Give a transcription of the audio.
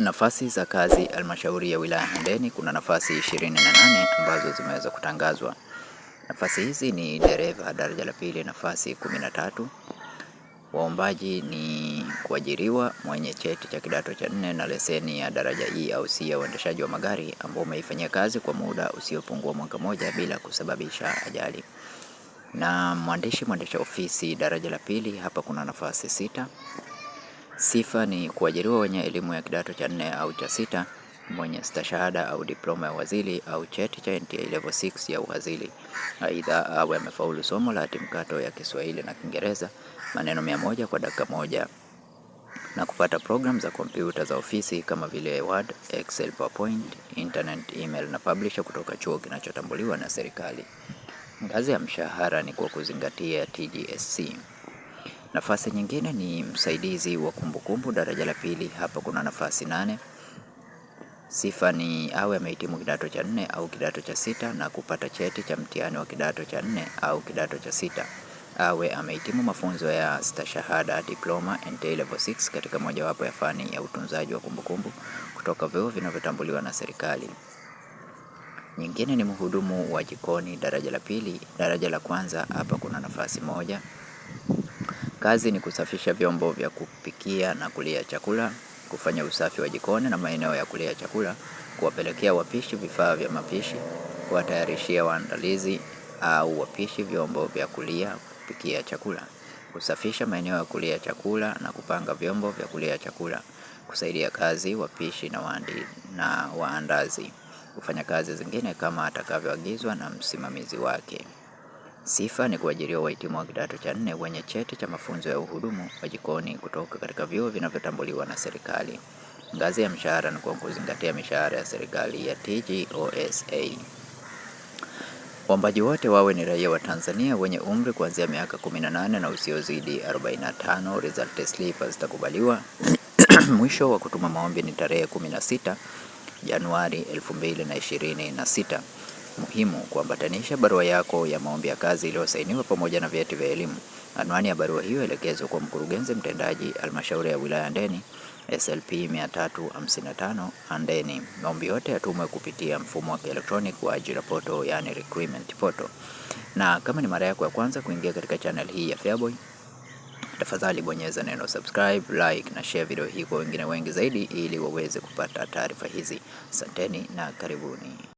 Nafasi za kazi halmashauri ya wilaya Handeni, kuna nafasi 28 ambazo zimeweza kutangazwa. Nafasi hizi ni dereva daraja la pili nafasi 13, waombaji ni kuajiriwa mwenye cheti cha kidato cha nne na leseni ya daraja E au C ya uendeshaji wa magari ambao umeifanyia kazi kwa muda usiopungua mwaka moja bila kusababisha ajali, na mwandishi mwendesha ofisi daraja la pili, hapa kuna nafasi sita. Sifa ni kuajiriwa wenye elimu ya kidato cha nne au cha sita, mwenye stashahada au diploma ya uhazili au cheti cha NTA level 6 ya uhazili. Aidha awe amefaulu somo la hati mkato ya Kiswahili na Kiingereza maneno mia moja kwa dakika moja na kupata program za kompyuta za ofisi kama vile Word, Excel, PowerPoint, internet, email na publisher kutoka chuo kinachotambuliwa na serikali. Ngazi ya mshahara ni kwa kuzingatia TGSC. Nafasi nyingine ni msaidizi wa kumbukumbu daraja la pili. Hapa kuna nafasi nane. Sifa ni awe amehitimu kidato cha nne au kidato cha sita na kupata cheti cha mtihani wa kidato cha nne au kidato cha sita. Awe amehitimu mafunzo ya stashahada, diploma NTA level 6 katika mojawapo ya fani ya utunzaji wa kumbukumbu kutoka vyuo vinavyotambuliwa na serikali. Nyingine ni mhudumu wa jikoni daraja la pili. Daraja la kwanza, hapa kuna nafasi moja. Kazi ni kusafisha vyombo vya kupikia na kulia chakula, kufanya usafi wa jikoni na maeneo ya kulia chakula, kuwapelekea wapishi vifaa vya mapishi, kuwatayarishia waandalizi au wapishi vyombo vya kulia kupikia chakula, kusafisha maeneo ya kulia chakula na kupanga vyombo vya kulia chakula, kusaidia kazi wapishi na, na waandazi, kufanya kazi zingine kama atakavyoagizwa na msimamizi wake. Sifa ni kuajiriwa wahitimu wa kidato cha nne wenye cheti cha mafunzo ya uhudumu wa jikoni kutoka katika vyuo vinavyotambuliwa na serikali. Ngazi ya mshahara ni kwa kuzingatia mishahara ya serikali ya TGOSA. Waombaji wote wawe ni raia wa Tanzania wenye umri kuanzia miaka 18 na usiozidi 45. Result slip zitakubaliwa. Mwisho wa kutuma maombi ni tarehe 16 Januari 2026. Muhimu kuambatanisha barua yako ya maombi ya kazi iliyosainiwa pamoja na vyeti vya elimu. Anwani ya barua hiyo elekezwe kwa Mkurugenzi Mtendaji, Halmashauri ya Wilaya Ndeni, SLP 355 Andeni. Maombi yote yatumwe kupitia mfumo wa kielektroniki wa ajira poto, yani recruitment poto. Na kama ni mara yako ya kwanza kuingia katika channel hii ya Feaboy, tafadhali bonyeza neno subscribe, like na share video hii kwa wengine wengi zaidi, ili waweze kupata taarifa hizi. Asanteni na karibuni.